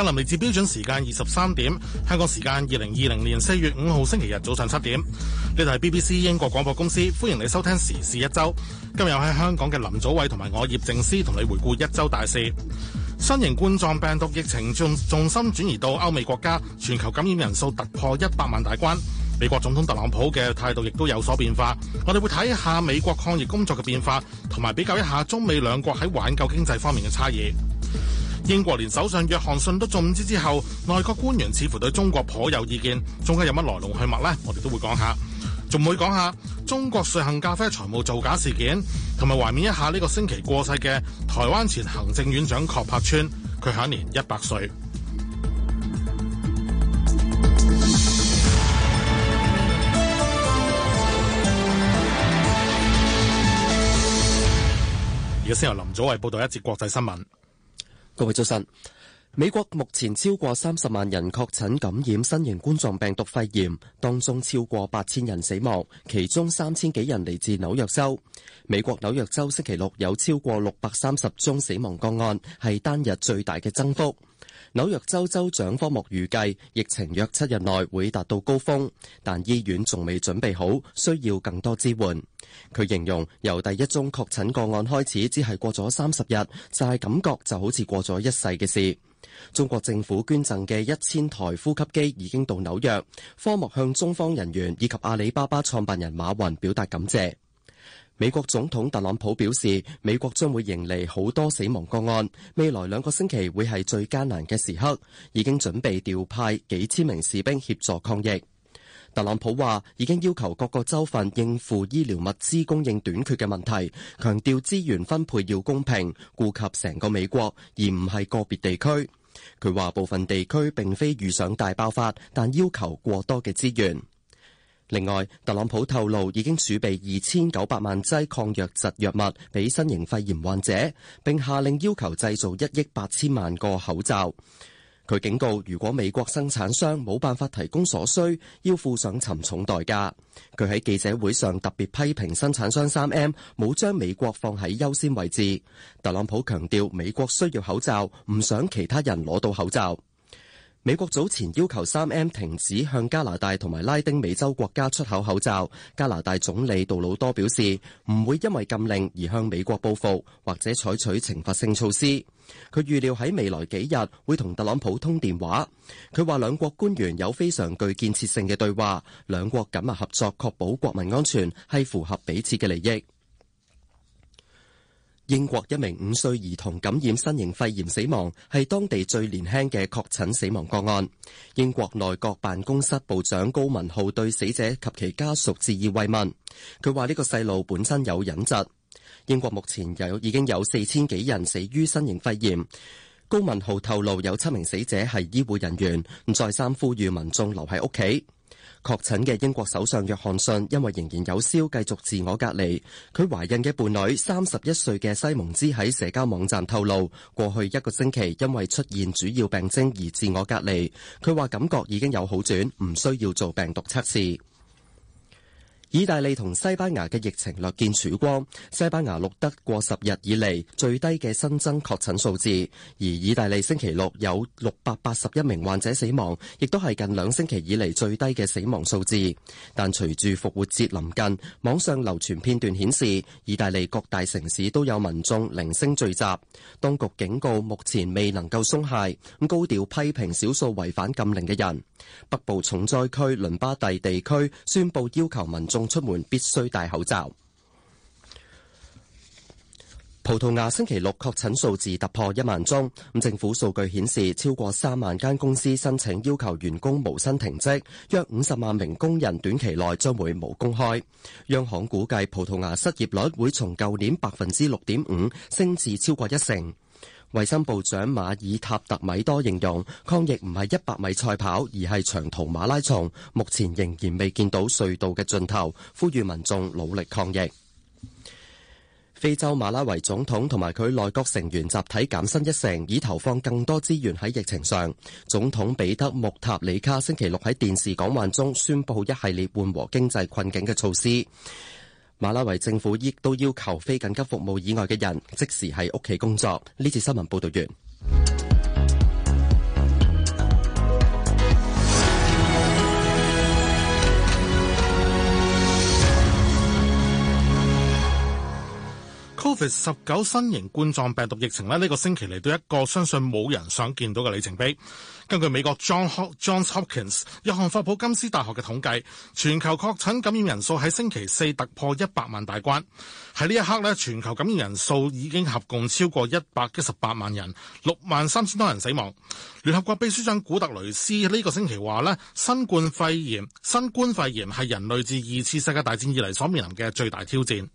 格林威治標準時間二十三點，香港時間二零二零年四月五號星期日早上七點。呢度係 BBC 英國廣播公司，歡迎你收聽時事一週。今日我喺香港嘅林祖偉同埋我葉靜思同你回顧一週大事。新型冠狀病毒疫情重重心轉移到歐美國家，全球感染人數突破一百萬大關。美國總統特朗普嘅態度亦都有所變化。我哋會睇下美國抗疫工作嘅變化，同埋比較一下中美兩國喺挽救經濟方面嘅差異。英國連首相約翰遜都中招之後，內閣官員似乎對中國頗有意見。中間有乜來龍去脈呢？我哋都會講下，仲會講下中國瑞幸咖啡財務造假事件，同埋懷念一下呢個星期過世嘅台灣前行政院長郝柏村，佢享年一百歲。而家先由林祖偉報道一節國際新聞。各位早晨，美國目前超過三十萬人確診感染新型冠狀病毒肺炎，當中超過八千人死亡，其中三千幾人嚟自紐約州。美國紐約州星期六有超過六百三十宗死亡個案，係單日最大嘅增幅。紐約州州長科莫預計疫情約七日內會達到高峰，但醫院仲未準備好，需要更多支援。佢形容由第一宗確診個案開始，只係過咗三十日，就係感覺就好似過咗一世嘅事。中國政府捐贈嘅一千台呼吸機已經到紐約，科莫向中方人員以及阿里巴巴創辦人馬雲表達感謝。美國總統特朗普表示，美國將會迎嚟好多死亡個案，未來兩個星期會係最艱難嘅時刻。已經準備調派幾千名士兵協助抗疫。特朗普話，已經要求各個州份應付醫療物資供應短缺嘅問題，強調資源分配要公平，顧及成個美國，而唔係個別地區。佢話部分地區並非遇上大爆發，但要求過多嘅資源。另外，特朗普透露已經儲備二千九百萬劑抗瘧疾藥物俾新型肺炎患者，並下令要求製造一億八千萬個口罩。佢警告，如果美國生產商冇辦法提供所需，要付上沉重代價。佢喺記者會上特別批評生產商三 M 冇將美國放喺優先位置。特朗普強調，美國需要口罩，唔想其他人攞到口罩。美國早前要求三 M 停止向加拿大同埋拉丁美洲國家出口口罩。加拿大總理杜魯多表示，唔會因為禁令而向美國報復或者採取懲罰性措施。佢預料喺未來幾日會同特朗普通電話。佢話兩國官員有非常具建設性嘅對話，兩國緊密合作確保國民安全係符合彼此嘅利益。英國一名五歲兒童感染新型肺炎死亡，係當地最年輕嘅確診死亡個案。英國內閣辦公室部長高文浩對死者及其家屬致以慰問。佢話呢個細路本身有隱疾。英國目前有已經有四千幾人死於新型肺炎。高文浩透露有七名死者係醫護人員，唔再三呼籲民眾留喺屋企。確診嘅英國首相約翰遜因為仍然有燒繼續自我隔離。佢懷孕嘅伴侶三十一歲嘅西蒙茲喺社交網站透露，過去一個星期因為出現主要病徵而自我隔離。佢話感覺已經有好轉，唔需要做病毒測試。意大利同西班牙嘅疫情略見曙光，西班牙錄得過十日以嚟最低嘅新增確診數字，而意大利星期六有六百八十一名患者死亡，亦都係近兩星期以嚟最低嘅死亡數字。但隨住復活節臨近，網上流傳片段顯示，意大利各大城市都有民眾零星聚集，當局警告目前未能夠鬆懈，高調批評少數違反禁令嘅人。北部重災區倫巴第地區宣布要求民眾出門必須戴口罩。葡萄牙星期六確診數字突破一萬宗，咁政府數據顯示超過三萬間公司申請要求員工無薪停職，約五十萬名工人短期內將會無工開。央行估計葡萄牙失業率會從舊年百分之六點五升至超過一成。衛生部長馬爾塔特米多形容抗疫唔係一百米賽跑，而係長途馬拉松。目前仍然未見到隧道嘅盡頭，呼籲民眾努力抗疫。非洲馬拉維總統同埋佢內閣成員集體減薪一成，以投放更多資源喺疫情上。總統彼得穆塔里卡星期六喺電視講話中宣布一系列緩和經濟困境嘅措施。馬拉維政府亦都要求非緊急服務以外嘅人即時喺屋企工作。呢次新聞報道完，Covid 十九新型冠狀病毒疫情咧，呢、呢個星期嚟到一個相信冇人想見到嘅里程碑。根據美國 John Hopkins、約翰霍普金斯大學嘅統計，全球確診感染人數喺星期四突破一百萬大關。喺呢一刻咧，全球感染人數已經合共超過一百一十八萬人，六萬三千多人死亡。聯合國秘書長古特雷斯呢、呢個星期話咧：新冠肺炎、新冠肺炎係人類自二次世界大戰以嚟所面臨嘅最大挑戰。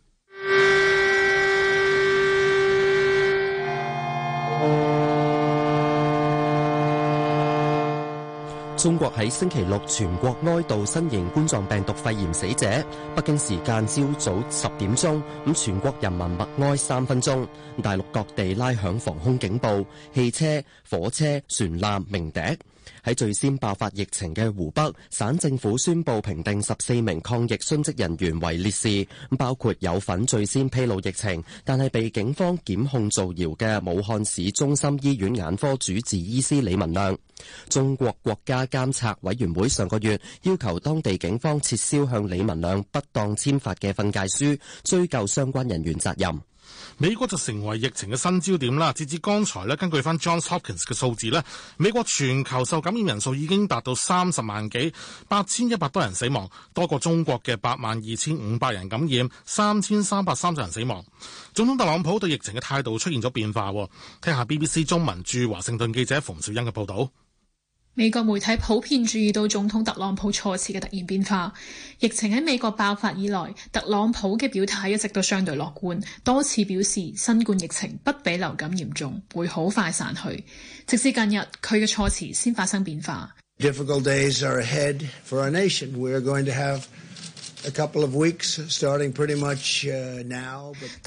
中國喺星期六全國哀悼新型冠狀病毒肺炎死者。北京時間朝早十點鐘，咁全國人民默哀三分鐘。大陸各地拉響防空警報，汽車、火車、船艦鳴笛。喺最先爆發疫情嘅湖北，省政府宣布評定十四名抗疫殉職人員為烈士，包括有份最先披露疫情，但係被警方檢控造謠嘅武漢市中心醫院眼科主治醫師李文亮。中國國家監察委員會上個月要求當地警方撤銷向李文亮不當簽發嘅訓誡書，追究相關人員責任。美國就成為疫情嘅新焦點啦！截至剛才咧，根據翻 Johns Hopkins 嘅數字咧，美國全球受感染人數已經達到三十萬幾八千一百多人死亡，多過中國嘅八萬二千五百人感染三千三百三十人死亡。總統特朗普對疫情嘅態度出現咗變化啊，聽下 BBC 中文駐華盛頓記者馮兆恩嘅報道。美國媒體普遍注意到總統特朗普措辭嘅突然變化。疫情喺美國爆發以來，特朗普嘅表態一直都相對樂觀，多次表示新冠疫情不比流感嚴重，會好快散去。直至近日，佢嘅措辭先發生變化。Difficult days are ahead for our nation. We are going to have 特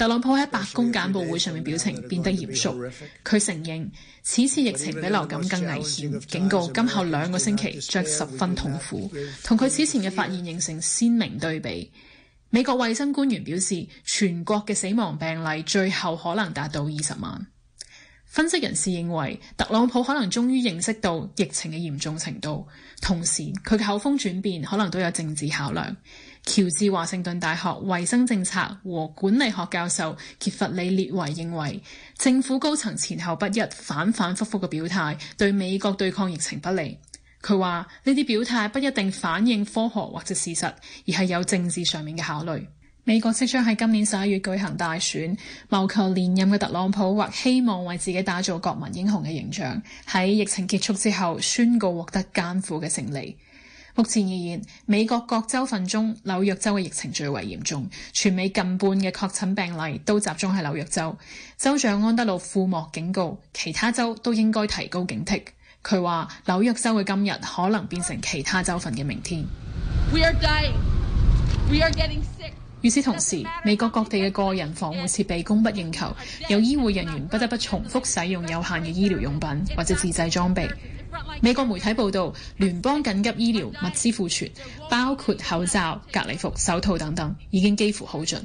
朗普喺白宮簡報會上面表情變得嚴肅，佢承認此次疫情比流感更危險，警告今後兩個星期將十分痛苦，同佢此前嘅發現形成鮮明對比。美國衛生官員表示，全國嘅死亡病例最後可能達到二十萬。分析人士認為，特朗普可能終於認識到疫情嘅嚴重程度，同時佢嘅口風轉變可能都有政治考量。喬治華盛頓大學衛生政策和管理學教授傑弗里列維認為，政府高層前後不一、反反复复嘅表態，對美國對抗疫情不利。佢話呢啲表態不一定反映科學或者事實，而係有政治上面嘅考慮。美國即將喺今年十一月舉行大選，謀求連任嘅特朗普或希望為自己打造國民英雄嘅形象，喺疫情結束之後宣告獲得艱苦嘅勝利。目前而言，美國各州份中，紐約州嘅疫情最為嚴重，全美近半嘅確診病例都集中喺紐約州。州長安德魯庫莫警告，其他州都應該提高警惕。佢話紐約州嘅今日可能變成其他州份嘅明天。與此同時，美國各地嘅個人防護設備供不應求，有醫護人員不得不重複使用有限嘅醫療用品或者自製裝備。美國媒體報道，聯邦緊急醫療物資庫存，包括口罩、隔離服、手套等等，已經幾乎耗盡。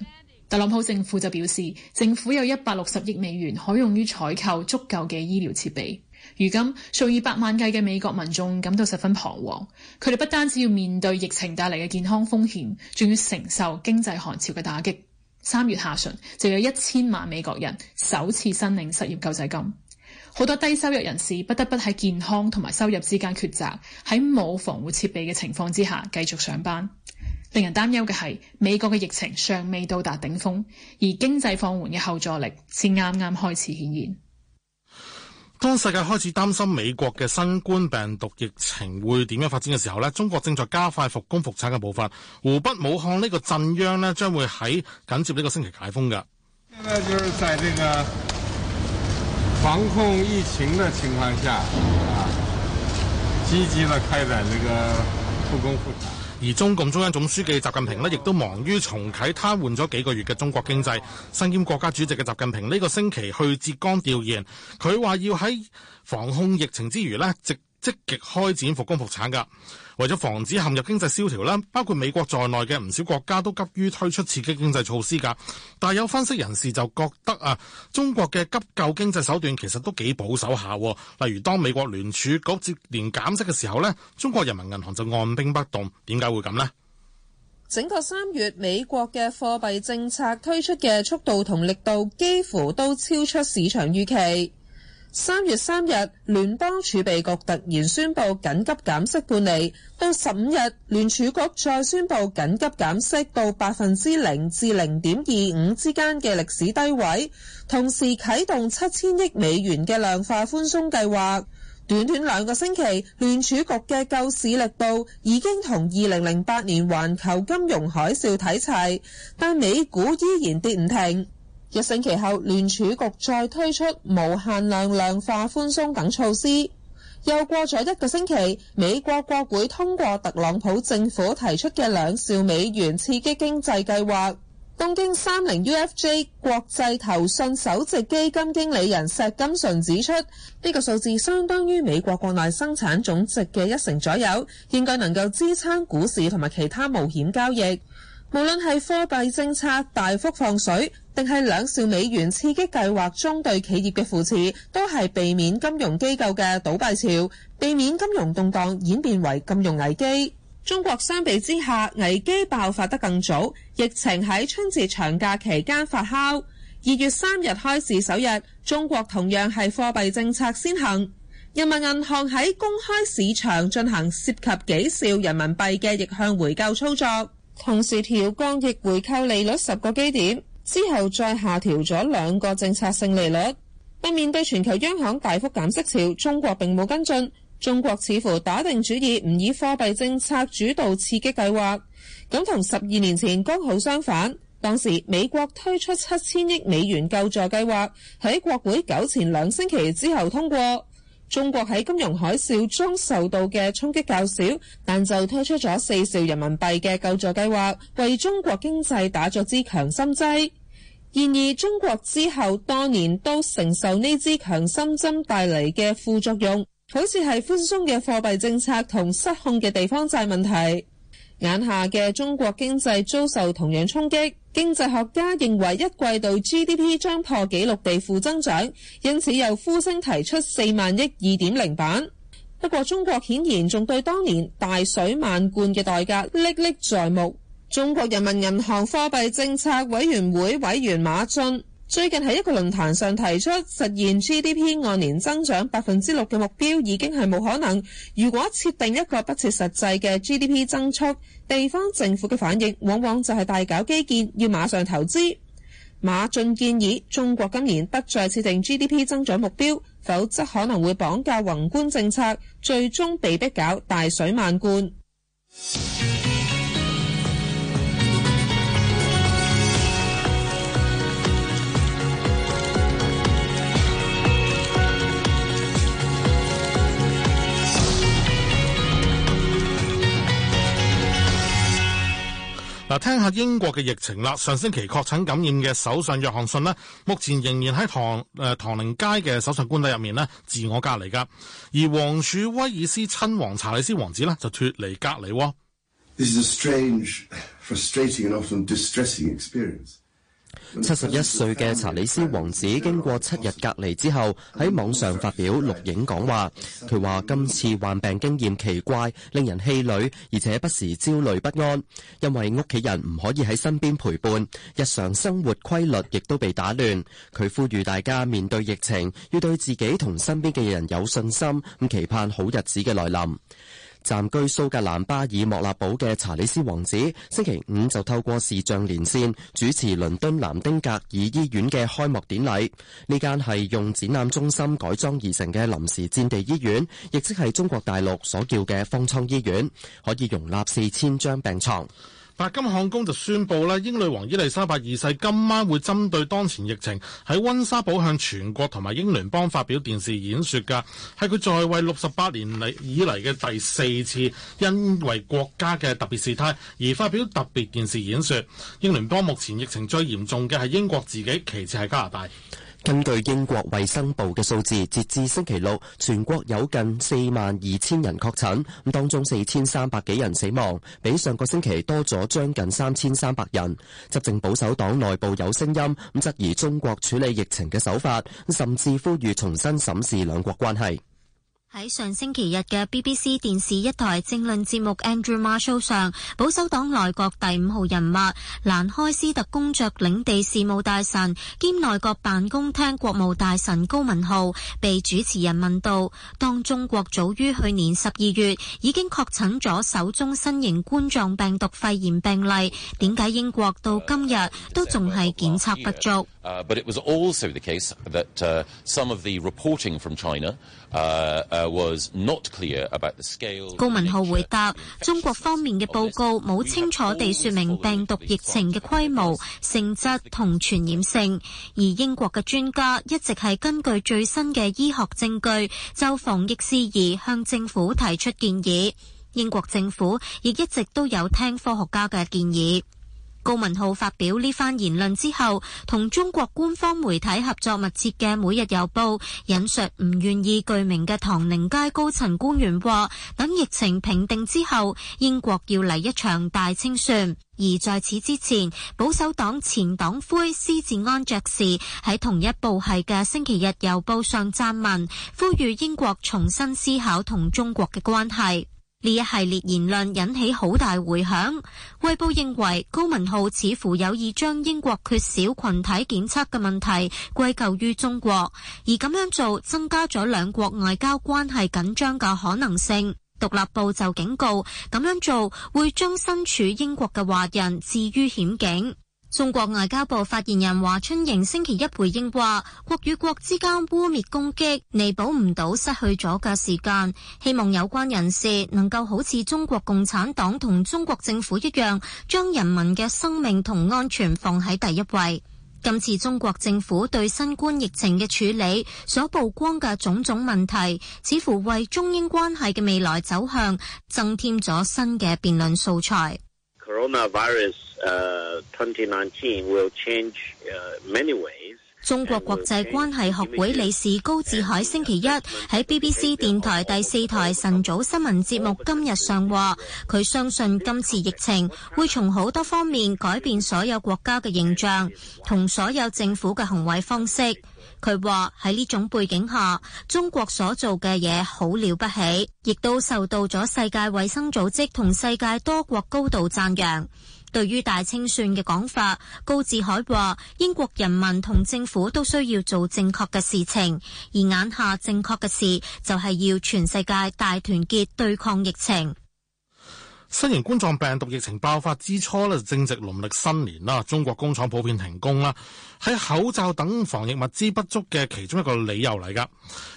特朗普政府就表示，政府有一百六十億美元可用於採購足夠嘅醫療設備。如今，數以百萬計嘅美國民眾感到十分彷徨，佢哋不單止要面對疫情帶嚟嘅健康風險，仲要承受經濟寒潮嘅打擊。三月下旬，就有一千萬美國人首次申領失業救濟金。好多低收入人士不得不喺健康同埋收入之間抉擇，喺冇防護設備嘅情況之下繼續上班。令人擔憂嘅係，美國嘅疫情尚未到達頂峰，而經濟放緩嘅後座力先啱啱開始顯現。當世界開始擔心美國嘅新冠病毒疫情會點樣發展嘅時候咧，中國正在加快復工復產嘅步伐。湖北武漢呢個震央咧，將會喺緊接呢個星期解封嘅。 防控疫情的情況下，啊，積極地開展呢個復工復產。而中共中央總書記習近平呢，亦都忙於重啟癱瘓咗幾個月嘅中國經濟。身兼國家主席嘅習近平呢個星期去浙江調研，佢話要喺防控疫情之餘呢，積積極開展復工復產噶。為咗防止陷入經濟蕭條啦，包括美國在內嘅唔少國家都急於推出刺激經濟措施噶。但有分析人士就覺得啊，中國嘅急救經濟手段其實都幾保守下。例如當美國聯儲局接連減息嘅時候呢，中國人民銀行就按兵不動。點解會咁呢？整個三月美國嘅貨幣政策推出嘅速度同力度幾乎都超出市場預期。三月三日，聯邦儲備局突然宣布緊急減息半厘，到十五日聯儲局再宣布緊急減息到百分之零至零點二五之間嘅歷史低位，同時啟動七千億美元嘅量化寬鬆計劃，短短兩個星期，聯儲局嘅救市力度已經同二零零八年環球金融海嘯睇齊，但美股依然跌唔停。一星期後，聯儲局再推出無限量量，量化寬鬆等措施。又過咗一個星期，美國國會通過特朗普政府提出嘅兩兆美元刺激經濟計劃。東京三菱 U F J 國際投信首席基金經理人石金順指出，呢、呢個數字相當於美國國內生產總值嘅一成左右，應該能夠支撐股市同埋其他冒險交易。無論係貨幣政策大幅放水，定係兩兆美元刺激計劃中對企業嘅扶持，都係避免金融機構嘅倒閉潮，避免金融動盪演變為金融危機。中國相比之下，危機爆發得更早，疫情喺春節長假期間發酵。二月三日開市首日，中國同樣係貨幣政策先行，人民銀行喺公開市場進行涉及幾兆人民幣嘅逆向回購操作。同時調降逆回購利率十個基點，之後再下調咗兩個政策性利率。但面對全球央行大幅減息潮，中國並冇跟進。中國似乎打定主意唔以貨幣政策主導刺激計劃，咁同十二年前剛好相反。當時美國推出七千億美元救助計劃，喺國會久前兩星期之後通過。中國喺金融海嘯中受到嘅衝擊較少，但就推出咗四兆人民幣嘅救助計劃，為中國經濟打咗支強心劑。然而，中國之後多年都承受呢支強心針帶嚟嘅副作用，好似係寬鬆嘅貨幣政策同失控嘅地方債問題。眼下嘅中國經濟遭受同樣衝擊。經濟學家認為一季度 GDP 將破紀錄地負增長，因此又呼聲提出四萬億二點零版。不過中國顯然仲對當年大水漫灌嘅代價歷歷在目。中國人民銀行貨幣政策委員會委員馬俊，最近喺一個論壇上提出，實現 GDP 按年增長百分之六嘅目標已經係冇可能。如果設定一個不切實際嘅 GDP 增速，地方政府嘅反應往往就係大搞基建，要馬上投資。馬駿建議，中國今年不再設定 GDP 增長目標，否則可能會綁架宏觀政策，最終被逼搞大水漫灌。嗱，聽下英國嘅疫情啦。上星期確診感染嘅首相約翰遜呢，目前仍然喺唐誒、呃、唐寧街嘅首相官邸入面呢自我隔離噶。而王儲威爾斯親王查理斯王子呢，就脫離隔離，哦。This is a strange, 七十一歲嘅查理斯王子經過七日隔離之後，喺網上發表錄影講話。佢話今次患病經驗奇怪，令人氣餒，而且不時焦慮不安，因為屋企人唔可以喺身邊陪伴，日常生活規律亦都被打亂。佢呼籲大家面對疫情，要對自己同身邊嘅人有信心，咁期盼好日子嘅來臨。暫居蘇格蘭巴爾莫納堡嘅查理斯王子，星期五就透過視像連線主持倫敦南丁格爾醫院嘅開幕典禮。呢間係用展覽中心改裝而成嘅臨時戰地醫院，亦即係中國大陸所叫嘅方艙醫院，可以容納四千張病床。白金漢宮就宣布咧，英女王伊麗莎白二世今晚會針對當前疫情喺溫莎堡向全國同埋英聯邦發表電視演説㗎，係佢在位六十八年嚟以嚟嘅第四次因為國家嘅特別事態而發表特別電視演説。英聯邦目前疫情最嚴重嘅係英國自己，其次係加拿大。根據英國衛生部嘅數字，截至星期六，全國有近四萬二千人確診，咁當中四千三百幾人死亡，比上個星期多咗將近三千三百人。執政保守黨內部有聲音咁質疑中國處理疫情嘅手法，甚至呼籲重新審視兩國關係。喺上星期日嘅 BBC 電視一台政論節目 Andrew Marr Show 上，保守黨內閣第五號人物蘭開斯特公爵領地事務大臣兼內閣辦公廳國務大臣高文浩，被主持人問到：「當中國早於去年十二月已經確診咗首宗新型冠狀病毒肺炎病例，點解英國到今日都仲係檢測不足？」高文浩回答：中國方面嘅報告冇清楚地説明病毒疫情嘅規模、性質同傳染性，而英國嘅專家一直係根據最新嘅醫學證據，就防疫事宜向政府提出建議。英國政府亦一直都有聽科學家嘅建議。高文浩發表呢番言論之後，同中國官方媒體合作密切嘅《每日郵報》引述唔願意具名嘅唐寧街高層官員話，等疫情平定之後，英國要嚟一場大清算。而在此之前，保守黨前黨魁斯捷安爵士喺同一報系嘅《星期日郵報》上撰文，呼籲英國重新思考同中國嘅關係。呢一系列言論引起好大回響，衛報認為高文浩似乎有意將英國缺少群體檢測嘅問題歸咎於中國，而咁樣做增加咗兩國外交關係緊張嘅可能性。獨立報就警告，咁樣做會將身處英國嘅華人置於險境。中國外交部發言人華春瑩星期一回應話：國與國之間污蔑攻擊，彌補唔到失去咗嘅時間。希望有關人士能夠好似中國共產黨同中國政府一樣，將人民嘅生命同安全放喺第一位。今次中國政府對新冠疫情嘅處理所曝光嘅種種問題，似乎為中英關係嘅未來走向增添咗新嘅辯論素材。中國國際關係學會理事高志海星期一喺 BBC 電台第四台晨早新聞節目今日上話，佢相信今次疫情會從好多方面改變所有國家嘅形象同所有政府嘅行為方式。佢話喺呢種背景下，中國所做嘅嘢好了不起，亦都受到咗世界衛生組織同世界多國高度讚揚。對於大清算嘅講法，高志海話：英國人民同政府都需要做正確嘅事情，而眼下正確嘅事就係要全世界大團結對抗疫情。新型冠狀病毒疫情爆發之初咧，正值農曆新年啦，中國工廠普遍停工啦，喺口罩等防疫物資不足嘅其中一個理由嚟㗎。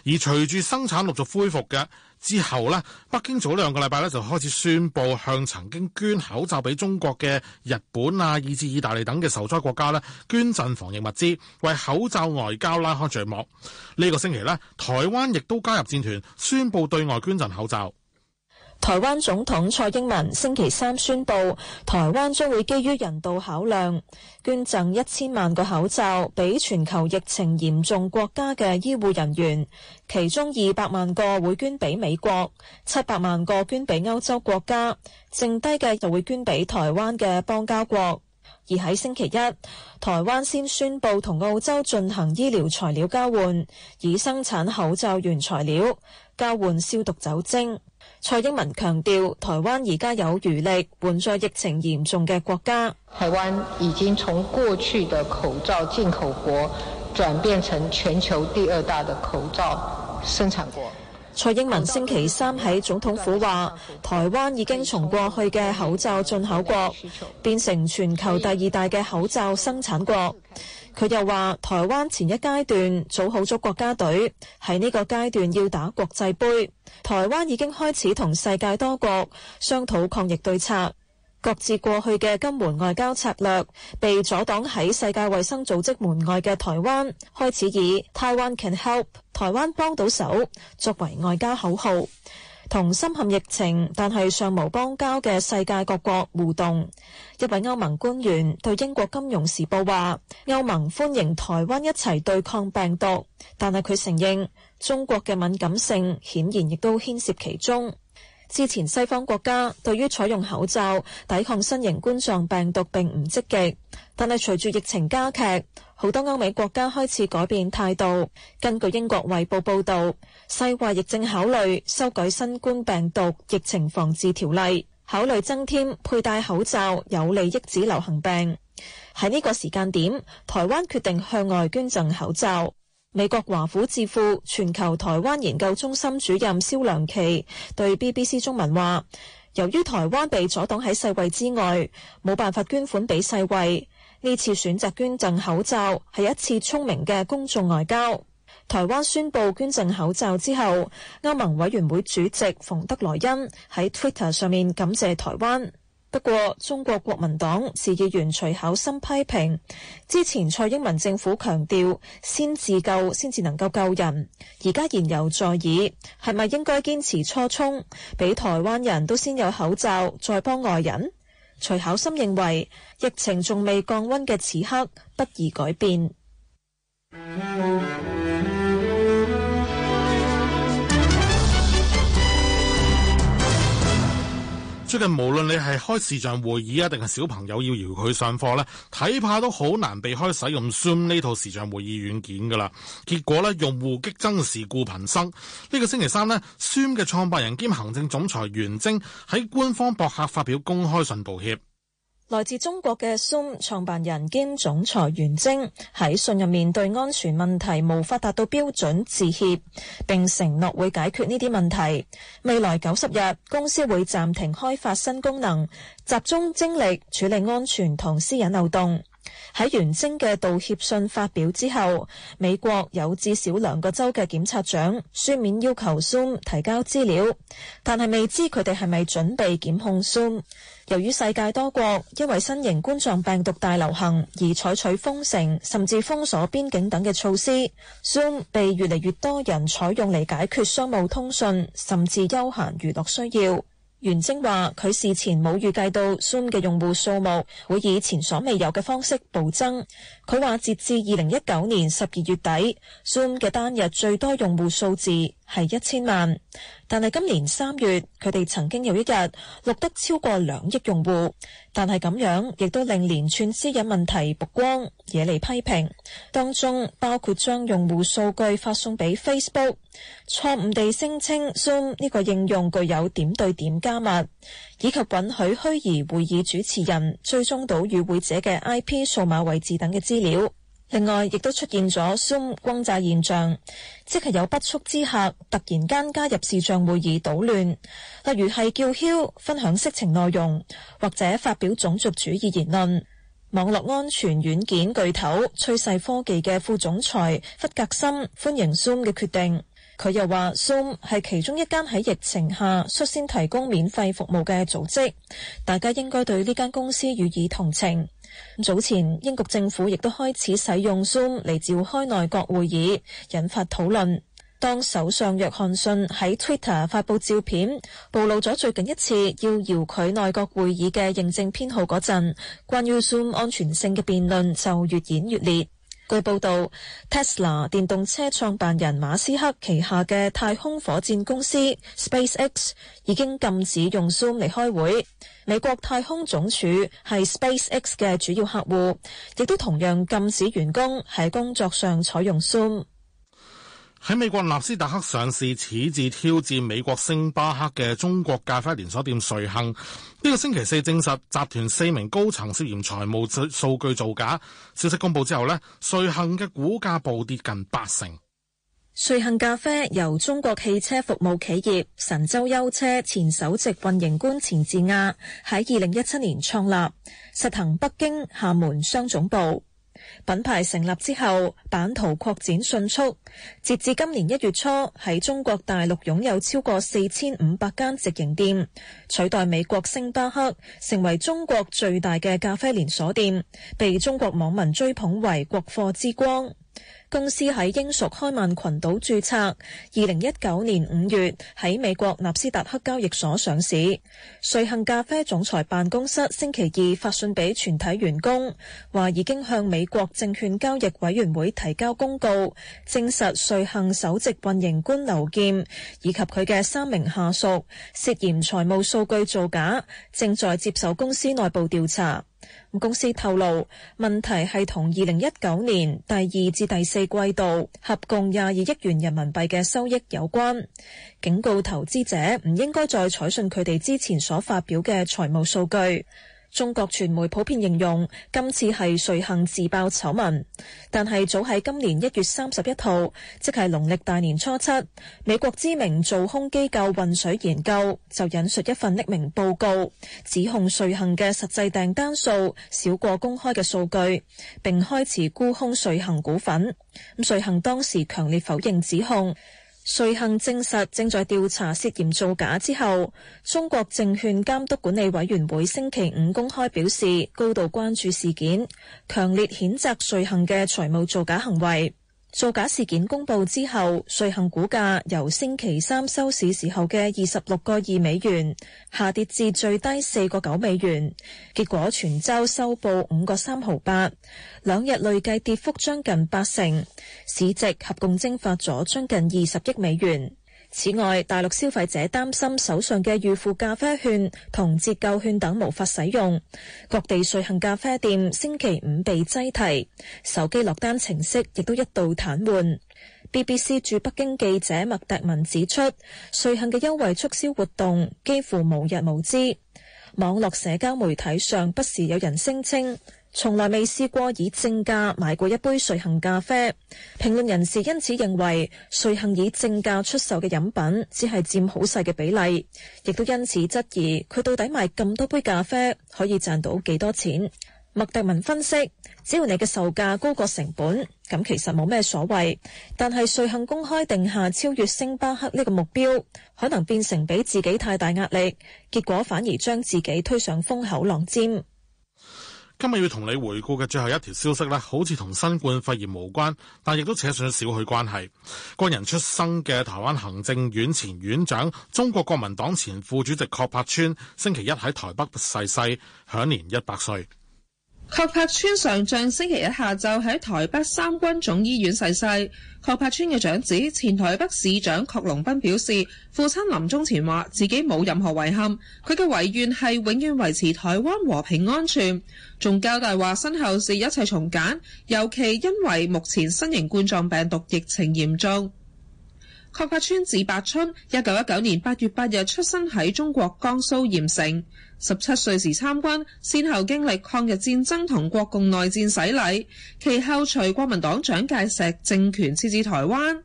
而隨住生產陸續恢復嘅之後咧，北京早兩個禮拜咧就開始宣布向曾經捐口罩俾中國嘅日本啊、以至意大利等嘅受災國家咧捐贈防疫物資，為口罩外交拉開序幕。呢、呢個星期咧，台灣亦都加入戰團，宣布對外捐贈口罩。台灣總統蔡英文星期三宣布，台灣將會基於人道考量，捐贈一千萬個口罩俾全球疫情嚴重國家嘅醫護人員，其中二百萬個會捐俾美國，七百萬個捐俾歐洲國家，剩低嘅就會捐俾台灣嘅邦交國。而喺星期一，台灣先宣布同澳洲進行醫療材料交換，以生產口罩原材料，交換消毒酒精。蔡英文強調，台灣而家有餘力援助疫情嚴重嘅國家。台灣已經從過去嘅口罩進口國，轉變成全球第二大的口罩生產國。蔡英文星期三喺總統府話，台灣已經從過去嘅口罩進口國，變成全球第二大嘅口罩生產國。佢又話：台灣前一階段組好咗國家隊，喺呢個階段要打國際杯。台灣已經開始同世界多國商討抗疫對策，各自過去嘅金門外交策略被阻擋喺世界衛生組織門外嘅台灣，開始以 Taiwan can help，台灣幫到手作為外交口號。同深陷疫情，但係尚無邦交嘅世界各國互動，一位歐盟官員對英國金融時報話：歐盟歡迎台灣一齊對抗病毒，但係佢承認中國嘅敏感性顯然亦都牽涉其中。之前西方國家對於採用口罩抵抗新型冠狀病毒並唔積極。但係，隨住疫情加劇，好多歐美國家開始改變態度。根據英國《衛報》報導，世衛亦正考慮修改新冠病毒疫情防治條例，考慮增添佩戴口罩有利抑止流行病。喺呢個時間點，台灣決定向外捐贈口罩。美國華府智庫全球台灣研究中心主任蕭良琪對 BBC 中文話：由於台灣被阻擋喺世衛之外，冇辦法捐款俾世衛。呢次選擇捐贈口罩係一次聰明嘅公眾外交。台灣宣布捐贈口罩之後，歐盟委員會主席馮德萊恩喺 Twitter 上面感謝台灣。不過，中國國民黨市議員徐巧芯批評：之前蔡英文政府強調先自救先至能夠救人，而家言猶在耳，係咪應該堅持初衷，俾台灣人都先有口罩，再幫外人？徐巧芯認為，疫情仲未降溫嘅此刻，不宜改變。最近無論你係開視像會議啊，定係小朋友要搖佢上課呢，睇怕都好難避開使用 Zoom 呢套視像會議軟件噶啦。結果呢，用戶激增事故頻生。呢個星期三呢，Zoom 嘅創辦人兼行政總裁袁征喺官方博客發表公開信道歉。來自中國嘅 Zoom 創辦人兼總裁袁征喺信入面對安全問題無法達到標準致歉，並承諾會解決呢啲問題。未來九十日，公司會暫停開發新功能，集中精力處理安全同私隱漏洞。喺袁征嘅道歉信發表之後，美國有至少兩個州嘅檢察長書面要求 Zoom 提交資料，但係未知佢哋係咪準備檢控 Zoom。由於世界多國因為新型冠狀病毒大流行而採取封城甚至封鎖邊境等嘅措施，Zoom 被越嚟越多人採用嚟解決商務通訊甚至休閒娛樂需要。袁征話佢事前冇預計到 Zoom 嘅用戶數目會以前所未有嘅方式暴增。佢話截至二零一九年十二月底，Zoom 嘅單日最多用戶數字係一千萬，但係今年三月，佢哋曾經有一日錄得超過兩億用戶，但係咁樣亦都令連串私隱問題曝光，惹嚟批評，當中包括將用戶數據發送俾 Facebook，錯誤地聲稱 Zoom 呢個應用具有點對點加密，以及允許虛擬會議主持人追蹤到與會者嘅 IP 數碼位置等嘅資料。另外，亦都出現咗 Zoom 轟炸現象，即係有不速之客突然間加入視像會議搗亂，例如係叫囂、分享色情內容或者發表種族主義言論。網絡安全軟件巨頭趨勢科技嘅副總裁弗格森歡迎 Zoom 嘅決定，佢又話 Zoom 係其中一間喺疫情下率先提供免費服務嘅組織，大家應該對呢間公司予以同情。早前，英國政府亦都開始使用 Zoom 嚟召開內閣會議，引發討論。當首相約翰遜喺 Twitter 發佈照片，暴露咗最近一次要搖佢內閣會議嘅認證編號嗰陣，關於 Zoom 安全性嘅辯論就越演越烈。據報道，Tesla 電動車創辦人馬斯克旗下嘅太空火箭公司 SpaceX 已經禁止用 Zoom 嚟開會。美國太空總署係 SpaceX 嘅主要客戶，亦都同樣禁止員工喺工作上採用 Zoom。喺美國納斯達克上市、始自挑戰美國星巴克嘅中國咖啡連鎖店瑞幸，呢個星期四證實集團四名高層涉嫌財務數據造假。消息公布之後呢，瑞幸嘅股價暴跌近八成。瑞幸咖啡由中國汽車服務企業神州優車前首席運營官錢志亞喺二零一七年創立，實行北京、廈門雙總部。品牌成立之後，版圖擴展迅速，截至今年一月初，喺中國大陸擁有超過四千五百間直營店，取代美國星巴克，成為中國最大嘅咖啡連鎖店，被中國網民追捧為國貨之光。公司喺英屬開曼群島註冊，二零一九年五月喺美國納斯達克交易所上市。瑞幸咖啡總裁辦公室星期二發信俾全體員工，話已經向美國證券交易委員會提交公告，證實瑞幸首席運營官劉劍以及佢嘅三名下屬涉嫌財務數據造假，正在接受公司內部調查。公司透露，問題係同二零一九年第二至第四季度合共廿二億元人民幣嘅收益有關，警告投資者唔應該再採信佢哋之前所發表嘅財務數據。中國傳媒普遍形容今次係瑞幸自爆醜聞，但係早喺今年一月三十一號，即係農曆大年初七，美國知名做空機構渾水研究就引述一份匿名報告，指控瑞幸嘅實際訂單數少過公開嘅數據，並開始沽空瑞幸股份。咁瑞幸當時強烈否認指控。瑞幸證實正在調查涉嫌造假之後，中國證券監督管理委員會星期五公開表示高度關注事件，強烈譴責瑞幸嘅財務造假行為。造假事件公布之後，瑞幸股價由星期三收市時候嘅二十六個二美元，下跌至最低四個九美元，結果全週收報五個三毫八，兩日累計跌幅將近八成，市值合共蒸發咗將近二十億美元。此外，大陸消費者擔心手上嘅預付咖啡券同折扣券等無法使用，各地瑞幸咖啡店星期五被擠提，手機落單程式亦都一度癱瘓。BBC 駐北京記者麥迪文指出，瑞幸嘅優惠促銷活動幾乎無日無之，網絡社交媒體上不時有人聲稱。從來未試過以正價買過一杯瑞幸咖啡，評論人士因此認為瑞幸以正價出售嘅飲品只係佔好細嘅比例，亦都因此質疑佢到底賣咁多杯咖啡可以賺到幾多錢。麥迪文分析，只要你嘅售價高過成本，咁其實冇咩所謂。但係瑞幸公開定下超越星巴克呢個目標，可能變成俾自己太大壓力，結果反而將自己推上風口浪尖。今日要同你回顧嘅最後一條消息咧，好似同新冠肺炎無關，但亦都扯上少許關係。軍人出身嘅台灣行政院前院長、中國國民黨前副主席郝柏村，星期一喺台北逝世，享年一百歲。郝柏村上將星期一下晝喺台北三軍總醫院逝世。郝柏村嘅長子前台北市長郝龍斌表示，父親臨終前話自己冇任何遺憾，佢嘅遺願係永遠維持台灣和平安全，仲交代話身後事一切從簡，尤其因為目前新型冠狀病毒疫情嚴重。郝柏村字柏春，一九一九年八月八日出生喺中國江蘇鹽城，十七歲時參軍，先後經歷抗日戰爭同國共內戰洗禮，其後隨國民黨蔣介石政權撤至台灣，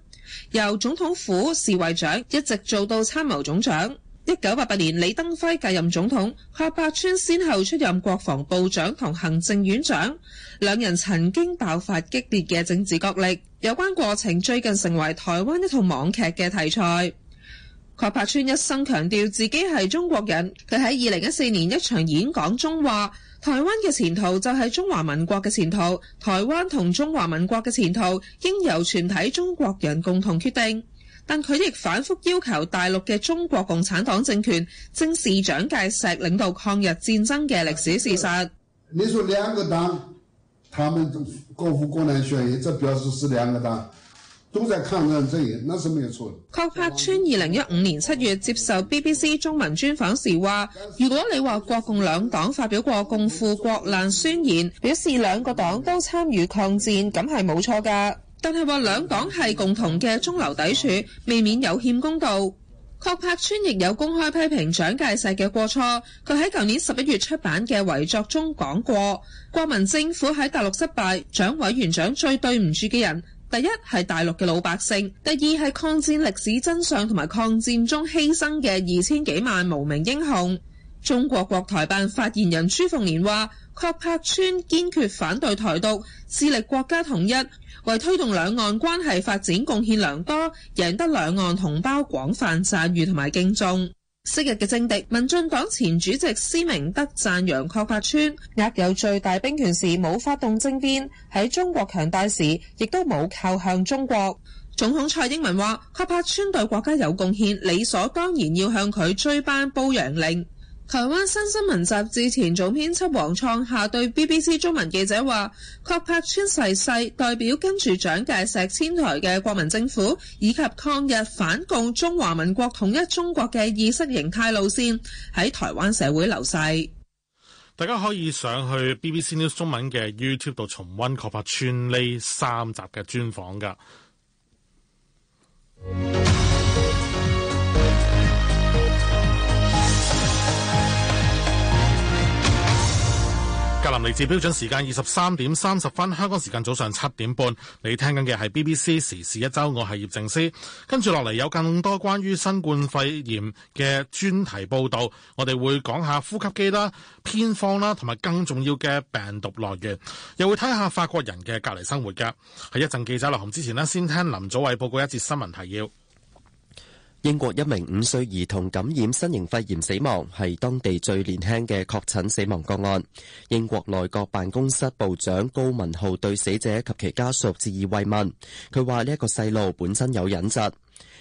由總統府侍衛長一直做到參謀總長。一九八八年李登輝繼任總統，郝柏村先後出任國防部長同行政院長，兩人曾經爆發激烈嘅政治角力。有關過程最近成為台灣一套網劇嘅題材。郝柏村一生強調自己係中國人，佢喺二零一四年一場演講中話：台灣嘅前途就係中華民國嘅前途，台灣同中華民國嘅前途應由全體中國人共同決定。但佢亦反覆要求大陸嘅中國共產黨政權正視蔣介石領導抗日戰爭嘅歷史事實。你說他們都共赴國難宣言，這表示是兩個黨都在抗戰陣營，那是沒有錯。郝柏村二零一五年七月接受 BBC 中文專訪時話：，是如果你話國共兩黨發表過共赴國難宣言，表示兩個黨都參與抗戰，咁係冇錯噶。但係話兩黨係共同嘅中流砥柱，未免有欠公道。郝柏村亦有公開批評蔣介石嘅過錯，佢喺舊年十一月出版嘅遺作中講過：國民政府喺大陸失敗，蔣委員長最對唔住嘅人，第一係大陸嘅老百姓，第二係抗戰歷史真相同埋抗戰中犧牲嘅二千幾萬無名英雄。中國國台辦發言人朱鳳蓮話：郝柏村堅決反對台獨，致力國家統一。為推動兩岸關係發展貢獻良多，贏得兩岸同胞廣泛讚譽同埋敬重。昔日嘅政敵民進黨前主席施明德讚揚郝柏村握有最大兵權時冇發動政變，喺中國強大時亦都冇靠向中國。總統蔡英文話：郝柏村對國家有貢獻，理所當然要向佢追頒褒揚令。台灣新新聞雜誌前總編輯黃創夏對 BBC 中文記者話：郝柏村逝世代表跟住蔣介石遷台嘅國民政府以及抗日反共中華民國統一中國嘅意識形態路線喺台灣社會流逝。大家可以上去 BBC News 中文嘅 YouTube 度重温郝柏村呢三集嘅專訪㗎。嚟自標準時間二十三點三十分，香港時間早上七點半，你聽緊嘅係 BBC 時事一週，我係葉正思。跟住落嚟有更多關於新冠肺炎嘅專題報導，我哋會講下呼吸機啦、偏方啦，同埋更重要嘅病毒來源，又會睇下法國人嘅隔離生活㗎。喺一陣記者落嚟之前呢，先聽林祖偉報告一節新聞提要。英國一名五歲兒童感染新型肺炎死亡，係當地最年輕嘅確診死亡個案。英國內閣辦公室部長高文浩對死者及其家屬致以慰問。佢話呢一個細路本身有隱疾。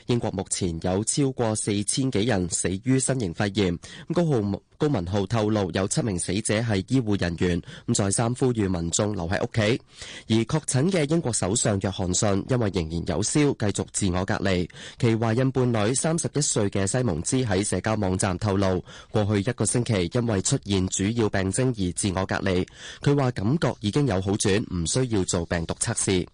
英國目前有超過四千幾人死於新型肺炎。咁高浩高文浩透露，有七名死者係醫護人員，咁再三呼籲民眾留喺屋企。而確診嘅英國首相約翰遜因為仍然有燒，繼續自我隔離。其懷孕伴侶三十一歲嘅西蒙茲喺社交網站透露，過去一個星期因為出現主要病徵而自我隔離。佢話感覺已經有好轉，唔需要做病毒測試。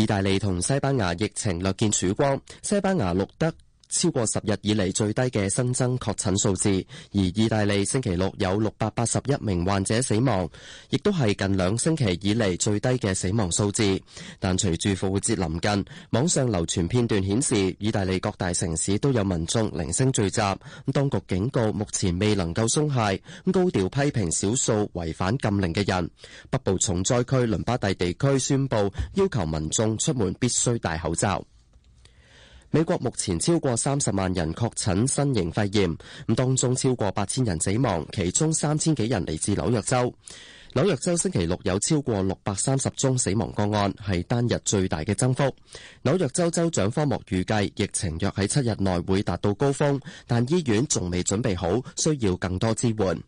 意大利同西班牙疫情略見曙光，西班牙錄得超過十日以嚟最低嘅新增確診數字，而意大利星期六有六百八十一名患者死亡，亦都係近兩星期以嚟最低嘅死亡數字。但隨住復活節臨近，網上流傳片段顯示，意大利各大城市都有民眾零星聚集。當局警告目前未能夠鬆懈，高調批評少數違反禁令嘅人。北部重災區倫巴第地區宣布要求民眾出門必須戴口罩。美國目前超過三十萬人確診新型肺炎，當中超過八千人死亡，其中三千幾人嚟自紐約州。紐約州星期六有超過六百三十宗死亡個案，係單日最大嘅增幅。紐約州州長科莫預計疫情約喺七日內會達到高峰，但醫院仲未準備好，需要更多支援。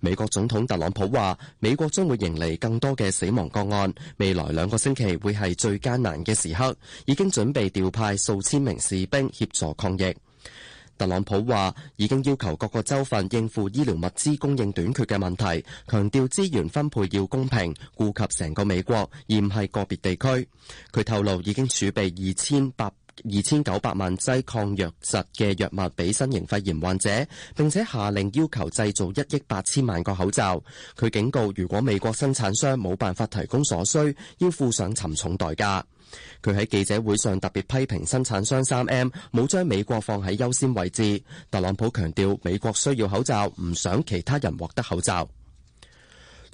美國總統特朗普話，美國將會迎嚟更多嘅死亡個案，未來兩個星期會係最艱難嘅時刻。已經準備調派數千名士兵協助抗疫。特朗普話，已經要求各個州份應付醫療物資供應短缺嘅問題，強調資源分配要公平，顧及成個美國，而唔係個別地區。佢透露已經儲備二千八。二千九百萬劑抗瘧疾嘅藥物俾新型肺炎患者，並且下令要求製造一億八千萬個口罩。佢警告，如果美國生產商冇辦法提供所需，要付上沉重代價。佢喺記者會上特別批評生產商三 M 冇將美國放喺優先位置。特朗普強調，美國需要口罩，唔想其他人獲得口罩。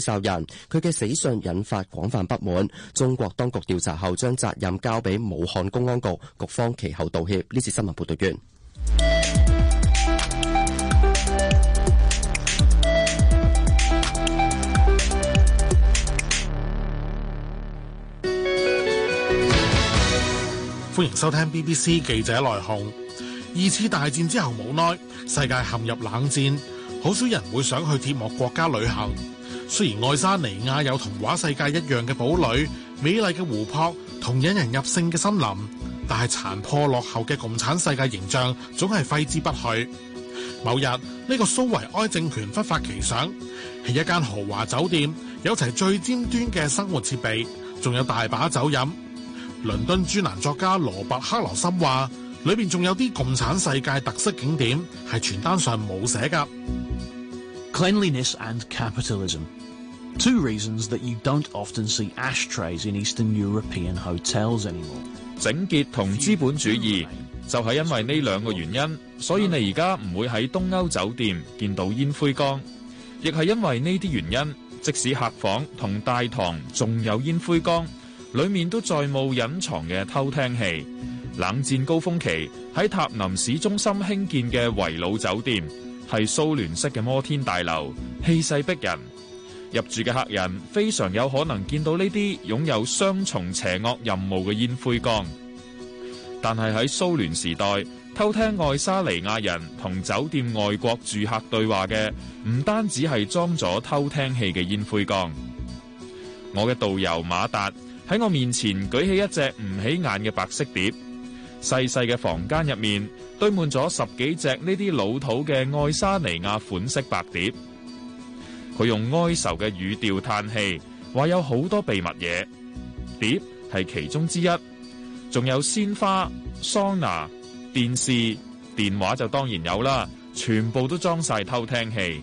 受害人，佢嘅死訊引發廣泛不滿。中國當局調查後，將責任交俾武漢公安局，局方其後道歉。呢次新聞報道完，歡迎收聽 BBC 記者來鴻。二次大戰之後，無耐世界陷入冷戰，好少人會想去鐵幕國家旅行。雖然愛沙尼亞有童話世界一樣嘅堡壘、美麗嘅湖泊、同引人入勝嘅森林，但係殘破落後嘅共產世界形象總係揮之不去。某日，呢、這個蘇維埃政權忽發奇想，起一間豪華酒店，有齊最尖端嘅生活設備，仲有大把酒飲。倫敦專欄作家羅伯·克羅森話：裏面仲有啲共產世界特色景點，係傳單上冇寫噶。Cleanliness and capitalism。Two reasons that you don't often see ashtrays in Eastern European hotels anymore。整潔同資本主義就係因為呢兩個原因，所以你而家唔會喺東歐酒店見到煙灰缸，亦係因為呢啲原因。即使客房同大堂仲有煙灰缸，裡面都再冇隱藏嘅偷聽器。冷戰高峯期喺塔林市中心興建嘅維魯酒店係蘇聯式嘅摩天大樓，氣勢逼人。入住嘅客人非常有可能見到呢啲擁有雙重邪惡任務嘅煙灰缸，但係喺蘇聯時代，偷聽愛沙尼亞人同酒店外國住客對話嘅唔單止係裝咗偷聽器嘅煙灰缸。我嘅導遊馬達喺我面前舉起一隻唔起眼嘅白色碟，細細嘅房間入面堆滿咗十幾隻呢啲老土嘅愛沙尼亞款式白碟。佢用哀愁嘅語調嘆氣，話有好多秘密嘢，碟係其中之一，仲有鮮花、桑拿、電視、電話就當然有啦，全部都裝晒偷聽器。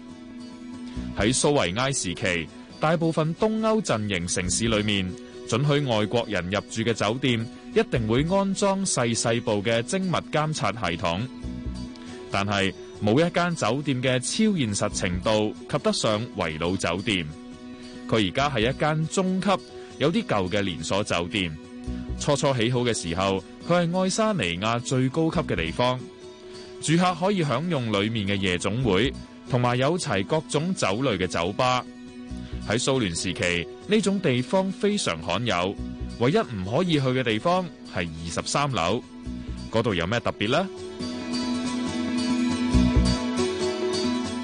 喺蘇維埃時期，大部分東歐陣營城市裏面，准許外國人入住嘅酒店，一定會安裝細細部嘅精密監察系統，但係，冇一間酒店嘅超現實程度及得上維魯酒店。佢而家係一間中級、有啲舊嘅連鎖酒店。初初起好嘅時候，佢係愛沙尼亞最高級嘅地方。住客可以享用裏面嘅夜總會，同埋有齊各種酒類嘅酒吧。喺蘇聯時期，呢種地方非常罕有。唯一唔可以去嘅地方係二十三樓。嗰度有咩特別呢？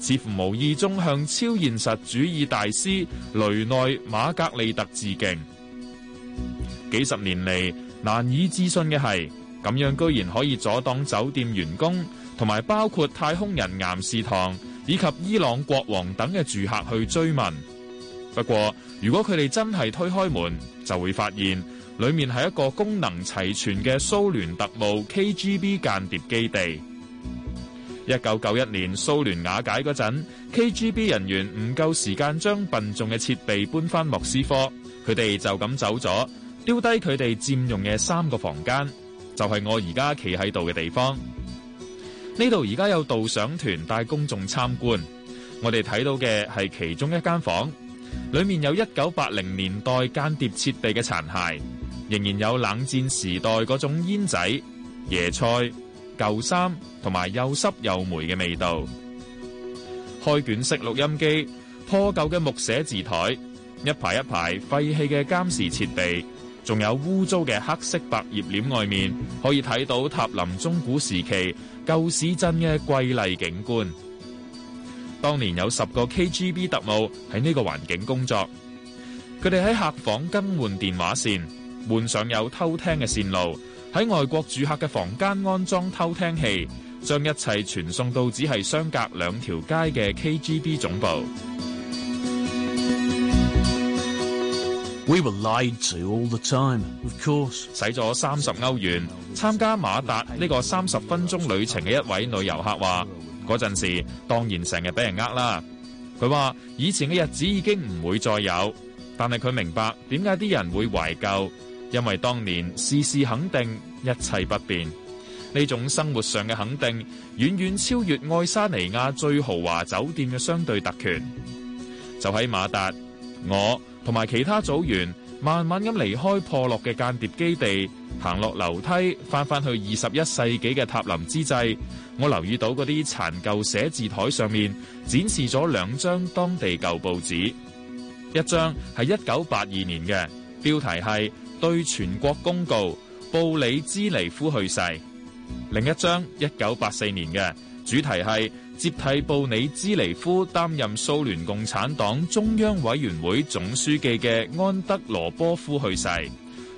似乎無意中向超現實主義大師雷內馬格利特致敬。幾十年嚟難以置信嘅係，咁樣居然可以阻擋酒店員工同埋包括太空人岩士唐以及伊朗國王等嘅住客去追問。不過，如果佢哋真係推開門，就會發現裏面係一個功能齊全嘅蘇聯特務 KGB 間諜基地。一九九一年蘇聯瓦解嗰陣，KGB 人員唔夠時間將笨重嘅設備搬翻莫斯科，佢哋就咁走咗，丟低佢哋佔用嘅三個房間，就係我而家企喺度嘅地方。呢度而家有導賞團帶公眾參觀，我哋睇到嘅係其中一間房，裏面有一九八零年代間諜設備嘅殘骸，仍然有冷戰時代嗰種煙仔、椰菜。舊衫同埋又濕又霉嘅味道，開卷式錄音機、破舊嘅木寫字枱、一排一排廢棄嘅監視設備，仲有污糟嘅黑色百葉簾。外面可以睇到塔林中古時期舊市鎮嘅瑰麗景觀。當年有十個 KGB 特務喺呢個環境工作，佢哋喺客房更換電話線，換上有偷聽嘅線路。喺外國住客嘅房間安裝偷聽器，將一切傳送到只係相隔兩條街嘅 KGB 總部。We were lied to all the time, of course。使咗三十歐元參加馬達呢個三十分鐘旅程嘅一位女遊客話，嗰陣 時當然成日俾人呃啦。佢話以前嘅日子已經唔會再有，但係佢明白點解啲人會懷舊。因為當年事事肯定一切不變，呢種生活上嘅肯定遠遠超越愛沙尼亞最豪華酒店嘅相對特權。就喺馬達，我同埋其他組員慢慢咁離開破落嘅間諜基地，行落樓梯返返去二十一世紀嘅塔林之際，我留意到嗰啲殘舊寫字台上面展示咗兩張當地舊報紙，一張係一九八二年嘅，標題係，對全國公告，布里茲尼夫去世。另一張，一九八四年嘅，主題係接替布里茲尼夫擔任蘇聯共產黨中央委員會總書記嘅安德羅波夫去世。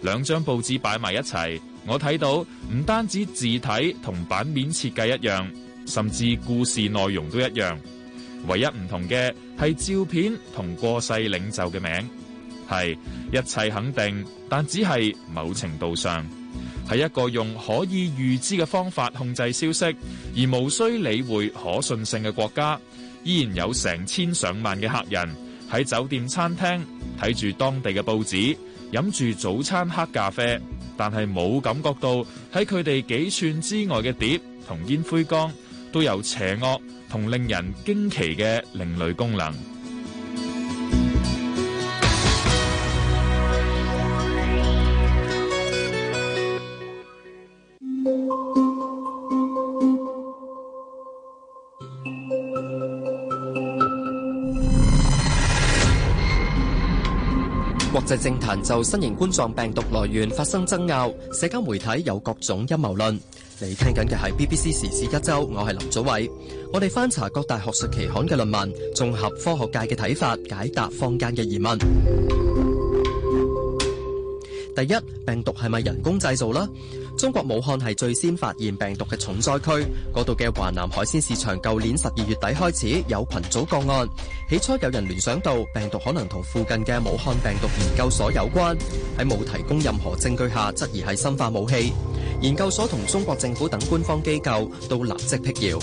兩張報紙擺埋一齊，我睇到唔單止字體同版面設計一樣，甚至故事內容都一樣。唯一唔同嘅係照片同過世領袖嘅名。係，一切肯定，但只係某程度上。係一個用可以預知嘅方法控制消息而無需理會可信性嘅國家，依然有成千上萬嘅客人喺酒店餐廳睇住當地嘅報紙，飲住早餐黑咖啡，但係冇感覺到喺佢哋幾寸之外嘅碟同煙灰缸都有邪惡同令人驚奇嘅另類功能。政壇就新型冠狀病毒來源發生爭拗，社交媒體有各種陰謀論。你聽緊嘅係 BBC 時事一週，我係林祖偉。我哋翻查各大學術期刊嘅論文，綜合科學界嘅睇法，解答坊間嘅疑問。第一，病毒係咪人工製造啦？中國武漢係最先發現病毒嘅重災區，嗰度嘅華南海鮮市場，舊年十二月底開始有群組個案。起初有人聯想到病毒可能同附近嘅武漢病毒研究所有關，喺冇提供任何證據下，質疑係生化武器。研究所同中國政府等官方機構都立即辟謠。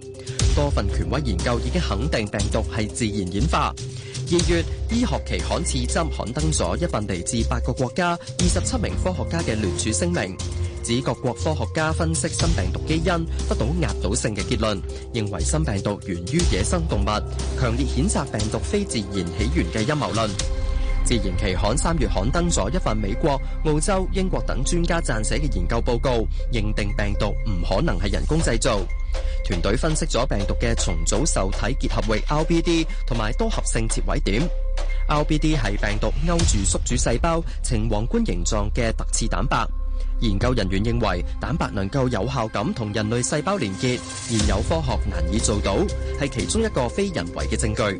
多份權威研究已經肯定病毒係自然演化。二月，醫學期刊《刺針》刊登咗一份嚟自八個國家二十七名科學家嘅聯署聲明，指各國科學家分析新病毒基因，得到壓倒性嘅結論，認為新病毒源於野生動物，強烈譴責病毒非自然起源嘅陰謀論。自然期刊三月刊登咗一份美國、澳洲、英國等專家撰寫嘅研究報告，認定病毒唔可能係人工製造。團隊分析咗病毒嘅重組受體結合域 RBD 同埋多合性切位點，RBD 係病毒勾住宿主細胞呈皇冠形狀嘅特徵蛋白。研究人員認為蛋白能夠有效咁同人類細胞連結，現有科學難以做到，係其中一個非人為嘅證據。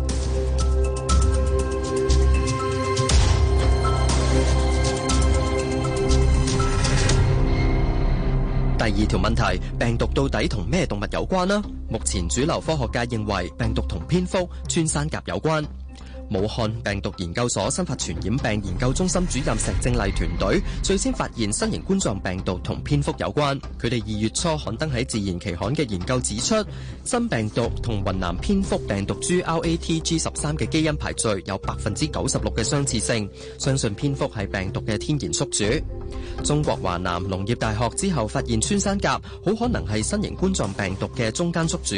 第二條問題，病毒到底同咩動物有關呢？目前主流科學界認為，病毒同蝙蝠、穿山甲有關。武漢病毒研究所新發傳染病研究中心主任石正麗團隊最先發現新型冠狀病毒同蝙蝠有關。佢哋二月初刊登喺《自然》期刊嘅研究指出，新病毒同雲南蝙蝠病毒株 RaTG 十三嘅基因排序有百分之九十六嘅相似性，相信蝙蝠係病毒嘅天然宿主。中國華南農業大學之後發現穿山甲好可能係新型冠狀病毒嘅中間宿主。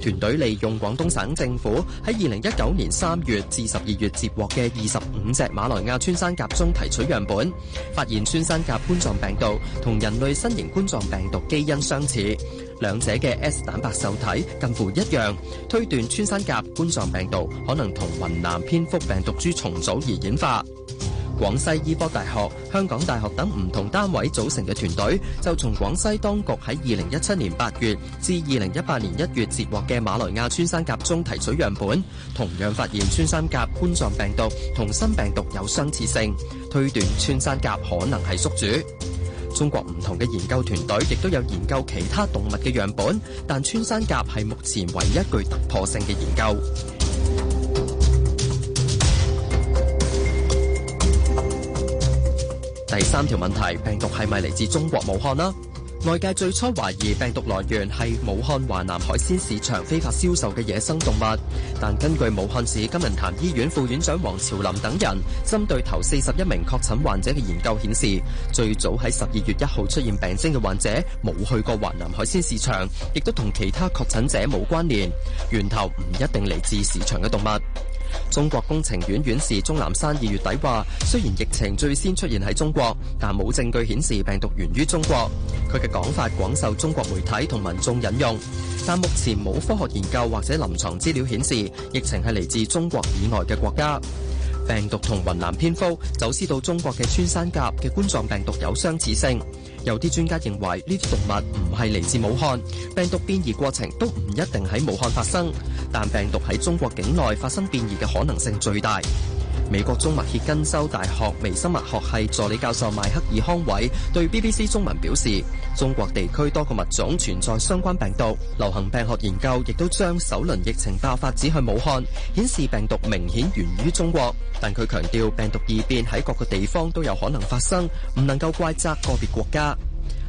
團隊利用廣東省政府喺二零一九年三月至十二月接獲嘅二十五隻馬來亞穿山甲中提取樣本，發現穿山甲冠狀病毒同人類新型冠狀病毒基因相似，兩者嘅 S 蛋白受體近乎一樣，推斷穿山甲冠狀病毒可能同雲南蝙蝠病毒株重組而演化。廣西醫科大學、香港大學等唔同單位組成嘅團隊，就從廣西當局喺二零一七年八月至二零一八年一月截獲嘅馬來亞穿山甲中提取樣本，同樣發現穿山甲冠狀病毒同新病毒有相似性，推斷穿山甲可能係宿主。中國唔同嘅研究團隊亦都有研究其他動物嘅樣本，但穿山甲係目前唯一具突破性嘅研究。第三條問題，病毒係咪嚟自中國武漢呢？外界最初懷疑病毒來源係武漢華南海鮮市場非法銷售嘅野生動物，但根據武漢市金銀潭醫院副院長黃朝林等人針對頭四十一名確診患者嘅研究顯示，最早喺十二月一號出現病徵嘅患者冇去過華南海鮮市場，亦都同其他確診者冇關聯，源頭唔一定嚟自市場嘅動物。中國工程院院士鍾南山二月底話，雖然疫情最先出現喺中國，但冇證據顯示病毒源於中國。佢嘅講法廣受中國媒體同民眾引用，但目前冇科學研究或者臨床資料顯示疫情係嚟自中國以外嘅國家。病毒同雲南蝙蝠走私到中國嘅穿山甲嘅冠狀病毒有相似性，有啲專家認為呢啲動物唔係嚟自武漢，病毒變異過程都唔一定喺武漢發生，但病毒喺中國境內發生變異嘅可能性最大。美國中麥歇根州大學微生物學系助理教授邁克爾康偉對 BBC 中文表示：中國地區多個物種存在相關病毒，流行病學研究亦都將首輪疫情爆發指向武漢，顯示病毒明顯源於中國。但佢強調，病毒異變喺各個地方都有可能發生，唔能夠怪責個別國家。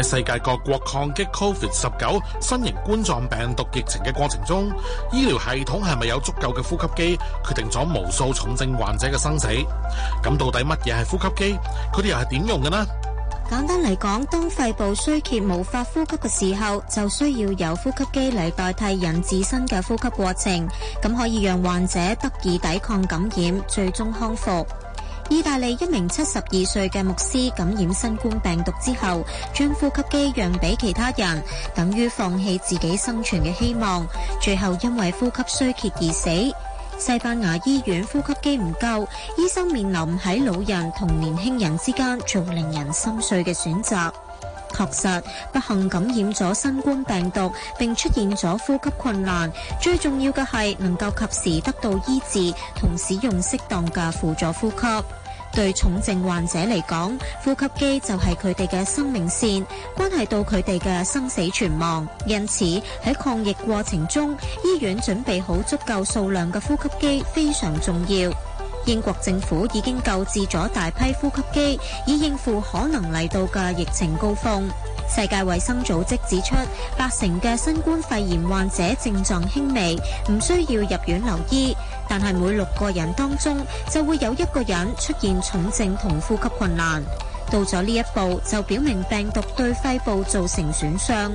喺世界各國抗擊 Covid 十九新型冠狀病毒疫情嘅過程中，醫療系統係咪有足夠嘅呼吸機，決定咗無數重症患者嘅生死？咁到底乜嘢係呼吸機？佢哋又係點用嘅呢？簡單嚟講，當肺部衰竭無法呼吸嘅時候，就需要有呼吸機嚟代替人自身嘅呼吸過程，咁可以讓患者得以抵抗感染，最終康復。意大利一名七十二歲嘅牧師感染新冠病毒之後，將呼吸機讓俾其他人，等於放棄自己生存嘅希望，最後因為呼吸衰竭而死。西班牙醫院呼吸機唔夠，醫生面臨喺老人同年輕人之間做令人心碎嘅選擇。確實不幸感染咗新冠病毒，並出現咗呼吸困難。最重要嘅係能夠及時得到醫治，同使用適當嘅輔助呼吸。對重症患者嚟講，呼吸機就係佢哋嘅生命線，關係到佢哋嘅生死存亡。因此喺抗疫過程中，醫院準備好足夠數量嘅呼吸機非常重要。英國政府已經購置咗大批呼吸機，以應付可能嚟到嘅疫情高峰。世界衛生組織指出，八成嘅新冠肺炎患者症狀輕微，唔需要入院留醫，但係每六個人當中就會有一個人出現重症同呼吸困難。到咗呢一步，就表明病毒對肺部造成損傷。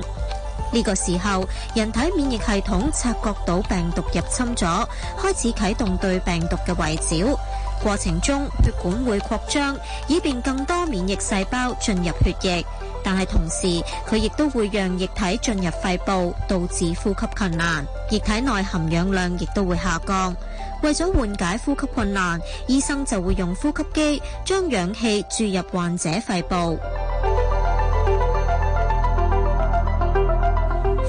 呢個時候，人體免疫系統察覺到病毒入侵咗，開始啟動對病毒嘅圍剿。過程中，血管會擴張，以便更多免疫細胞進入血液。但係同時，佢亦都會讓液體進入肺部，導致呼吸困難。液體內含氧量亦都會下降。為咗緩解呼吸困難，醫生就會用呼吸機將氧氣注入患者肺部。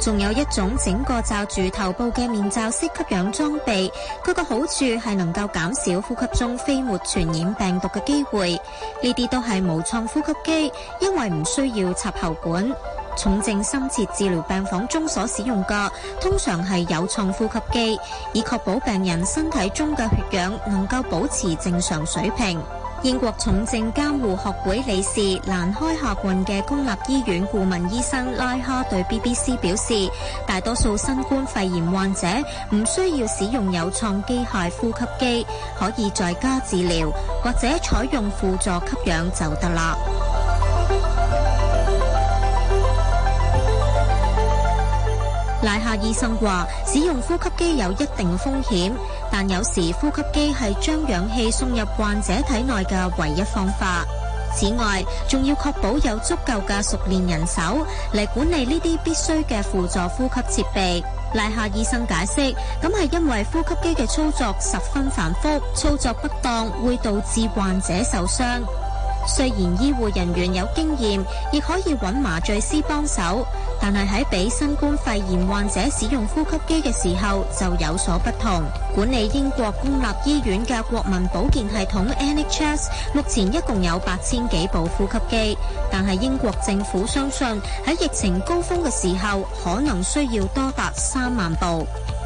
仲有一種整個罩住頭部嘅面罩式吸氧裝備，佢個好處係能夠減少呼吸中飛沫傳染病毒嘅機會。呢啲都係無創呼吸機，因為唔需要插喉管。重症深切治療病房中所使用嘅，通常係有創呼吸機，以確保病人身體中嘅血氧能夠保持正常水平。英國重症監護學會理事、蘭開夏郡嘅公立醫院顧問醫生拉哈對 BBC 表示，大多數新冠肺炎患者唔需要使用有創機械呼吸機，可以在家治療，或者採用輔助吸氧就得啦。拉哈醫生話，使用呼吸機有一定風險。但有時呼吸機係將氧氣送入患者體內嘅唯一方法。此外，仲要確保有足夠嘅熟練人手嚟管理呢啲必須嘅輔助呼吸設備。賴下醫生解釋，咁係因為呼吸機嘅操作十分繁複，操作不當會導致患者受傷。雖然醫護人員有經驗，亦可以揾麻醉師幫手，但係喺俾新冠肺炎患者使用呼吸機嘅時候，就有所不同。管理英國公立醫院嘅國民保健系統 NHS，目前一共有八千幾部呼吸機，但係英國政府相信，喺疫情高峰嘅時候，可能需要多達三萬部。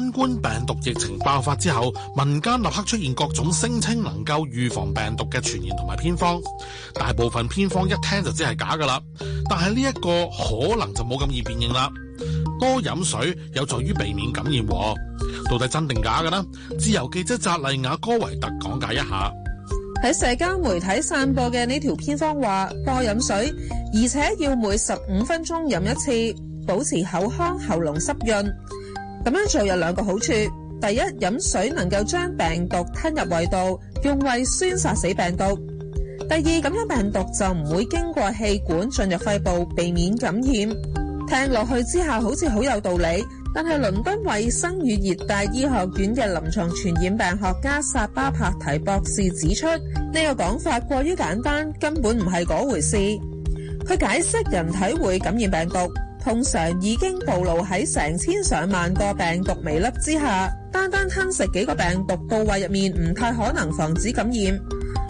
新冠病毒疫情爆發之後，民間立刻出現各種聲稱能夠預防病毒嘅傳言同埋偏方。大部分偏方一聽就知係假噶啦，但係呢一個可能就冇咁易辨認啦。多飲水有助於避免感染，啊，到底真定假嘅呢？自由記者扎麗亞哥維特講解一下。喺社交媒體散播嘅呢條偏方話，多飲水，而且要每十五分鐘飲一次，保持口腔喉嚨濕潤。咁樣做有兩個好處，第一飲水能夠將病毒吞入胃道，用胃酸殺死病毒；第二咁樣病毒就唔會經過氣管進入肺部，避免感染。聽落去之後好似好有道理，但係倫敦衛生與熱帶醫學院嘅臨床傳染病學家薩巴帕提博士指出，呢個講法過於簡單，根本唔係嗰回事。佢解釋人體會感染病毒。通常已經暴露喺成千上萬個病毒微粒之下，單單吞食幾個病毒部位入面唔太可能防止感染。